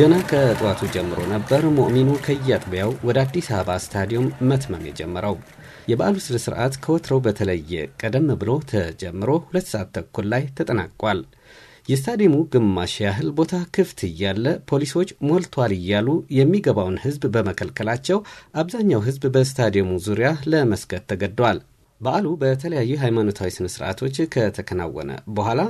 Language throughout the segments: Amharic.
ገና ከጠዋቱ ጀምሮ ነበር ሙእሚኑ ከየአጥቢያው ወደ አዲስ አበባ ስታዲየም መትመም የጀመረው። የበዓሉ ስነ ስርዓት ከወትሮው በተለየ ቀደም ብሎ ተጀምሮ ሁለት ሰዓት ተኩል ላይ ተጠናቋል። የስታዲየሙ ግማሽ ያህል ቦታ ክፍት እያለ ፖሊሶች ሞልቷል እያሉ የሚገባውን ሕዝብ በመከልከላቸው አብዛኛው ሕዝብ በስታዲየሙ ዙሪያ ለመስገድ ተገደዋል። በዓሉ በተለያዩ ሃይማኖታዊ ስነ ስርዓቶች ከተከናወነ በኋላ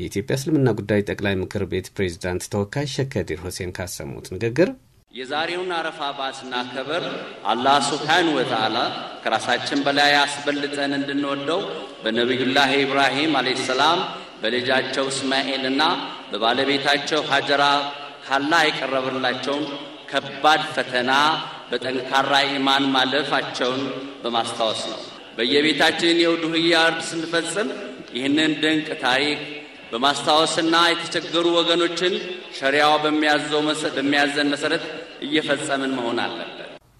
የኢትዮጵያ እስልምና ጉዳይ ጠቅላይ ምክር ቤት ፕሬዝዳንት ተወካይ ሼክ ከዲር ሁሴን ካሰሙት ንግግር የዛሬውን አረፋ ስናከብር አላህ ሱብሓነሁ ወተዓላ ከራሳችን በላይ አስበልጠን እንድንወደው በነቢዩላህ ኢብራሂም ዓለይሂ ሰላም በልጃቸው እስማኤልና በባለቤታቸው ሀጀራ ካላህ የቀረበላቸውን ከባድ ፈተና በጠንካራ ኢማን ማለፋቸውን በማስታወስ ነው። በየቤታችን የውዱህያ ስንፈጽም ይህንን ድንቅ ታሪክ በማስታወስና የተቸገሩ ወገኖችን ሸሪያዋ በሚያዘን መሰረት እየፈጸምን መሆን አለበት።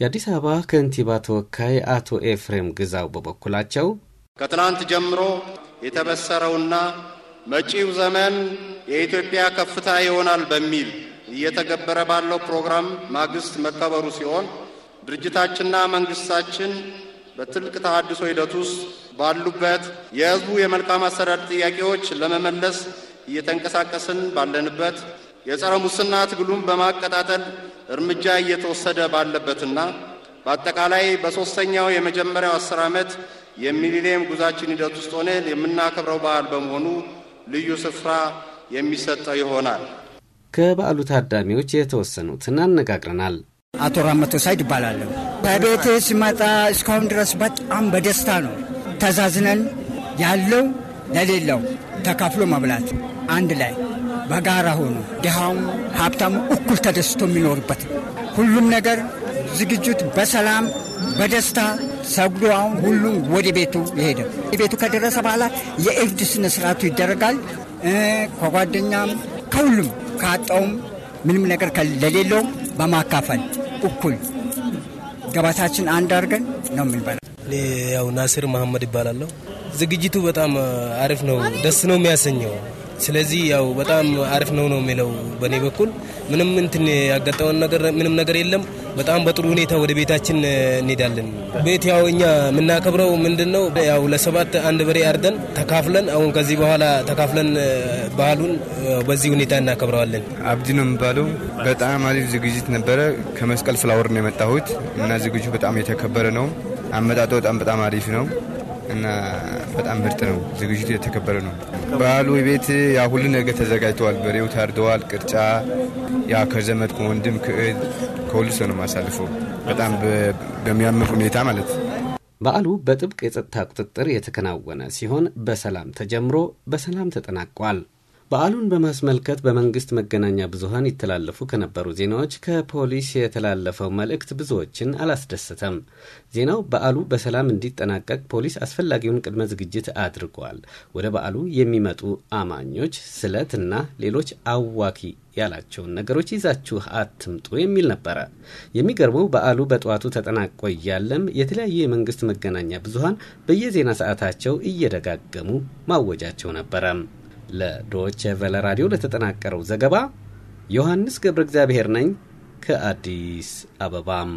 የአዲስ አበባ ከንቲባ ተወካይ አቶ ኤፍሬም ግዛው በበኩላቸው ከትናንት ጀምሮ የተበሰረውና መጪው ዘመን የኢትዮጵያ ከፍታ ይሆናል በሚል እየተገበረ ባለው ፕሮግራም ማግስት መከበሩ ሲሆን ድርጅታችንና መንግስታችን በትልቅ ተሃድሶ ሂደት ውስጥ ባሉበት የህዝቡ የመልካም አስተዳደር ጥያቄዎች ለመመለስ እየተንቀሳቀስን ባለንበት የጸረ ሙስና ትግሉን በማቀጣጠል እርምጃ እየተወሰደ ባለበትና በአጠቃላይ በሦስተኛው የመጀመሪያው አስር ዓመት የሚሊኒየም ጉዛችን ሂደት ውስጥ ሆነን የምናከብረው በዓል በመሆኑ ልዩ ስፍራ የሚሰጠው ይሆናል። ከበዓሉ ታዳሚዎች የተወሰኑትን አነጋግረናል። አቶ ራመቶ ሳይድ ይባላለሁ። ከቤቴ ስመጣ እስካሁን ድረስ በጣም በደስታ ነው ተዛዝነን ያለው ለሌለው ተካፍሎ መብላት አንድ ላይ በጋራ ሆኖ ድሃውም ሀብታሙ እኩል ተደስቶ የሚኖርበት ሁሉም ነገር ዝግጅት በሰላም በደስታ ሰግዶ አሁን ሁሉም ወደ ቤቱ ይሄደ። ቤቱ ከደረሰ በኋላ የእርድ ስነ ስርዓቱ ይደረጋል። ከጓደኛም ከሁሉም ካጣውም ምንም ነገር ለሌለውም በማካፈል እኩል ገበታችን አንድ አድርገን ነው የምንበላ። ያው ናስር መሀመድ ይባላለሁ። ዝግጅቱ በጣም አሪፍ ነው፣ ደስ ነው የሚያሰኘው። ስለዚህ ያው በጣም አሪፍ ነው ነው የሚለው በእኔ በኩል ምንም እንትን ያጋጠመን ነገር ምንም ነገር የለም። በጣም በጥሩ ሁኔታ ወደ ቤታችን እንሄዳለን። ቤት ያው እኛ የምናከብረው ምንድን ነው ያው ለሰባት አንድ በሬ አርደን ተካፍለን፣ አሁን ከዚህ በኋላ ተካፍለን ባህሉን በዚህ ሁኔታ እናከብረዋለን። አብዲ ነው የሚባለው። በጣም አሪፍ ዝግጅት ነበረ። ከመስቀል ፍላወር ነው የመጣሁት እና ዝግጅቱ በጣም የተከበረ ነው። አመጣጡ በጣም በጣም አሪፍ ነው እና በጣም ምርጥ ነው። ዝግጅቱ የተከበረ ነው። በዓሉ ቤት ያ ሁሉ ነገር ተዘጋጅተዋል። በሬው ታርደዋል። ቅርጫ ያ ከዘመድ ከወንድም ከእህት ከሁሉ ሰው ነው ማሳልፈው በጣም በሚያምር ሁኔታ ማለት በዓሉ በጥብቅ የጸጥታ ቁጥጥር የተከናወነ ሲሆን በሰላም ተጀምሮ በሰላም ተጠናቋል። በዓሉን በማስመልከት በመንግስት መገናኛ ብዙሃን ይተላለፉ ከነበሩ ዜናዎች ከፖሊስ የተላለፈው መልእክት ብዙዎችን አላስደሰተም። ዜናው በዓሉ በሰላም እንዲጠናቀቅ ፖሊስ አስፈላጊውን ቅድመ ዝግጅት አድርጓል፣ ወደ በዓሉ የሚመጡ አማኞች ስለትና ሌሎች አዋኪ ያላቸውን ነገሮች ይዛችሁ አትምጡ የሚል ነበረ። የሚገርመው በዓሉ በጠዋቱ ተጠናቆ እያለም የተለያዩ የመንግስት መገናኛ ብዙሃን በየዜና ሰዓታቸው እየደጋገሙ ማወጃቸው ነበረ። ለዶች ቨለ ራዲዮ ለተጠናቀረው ዘገባ ዮሐንስ ገብረ እግዚአብሔር ነኝ ከአዲስ አበባም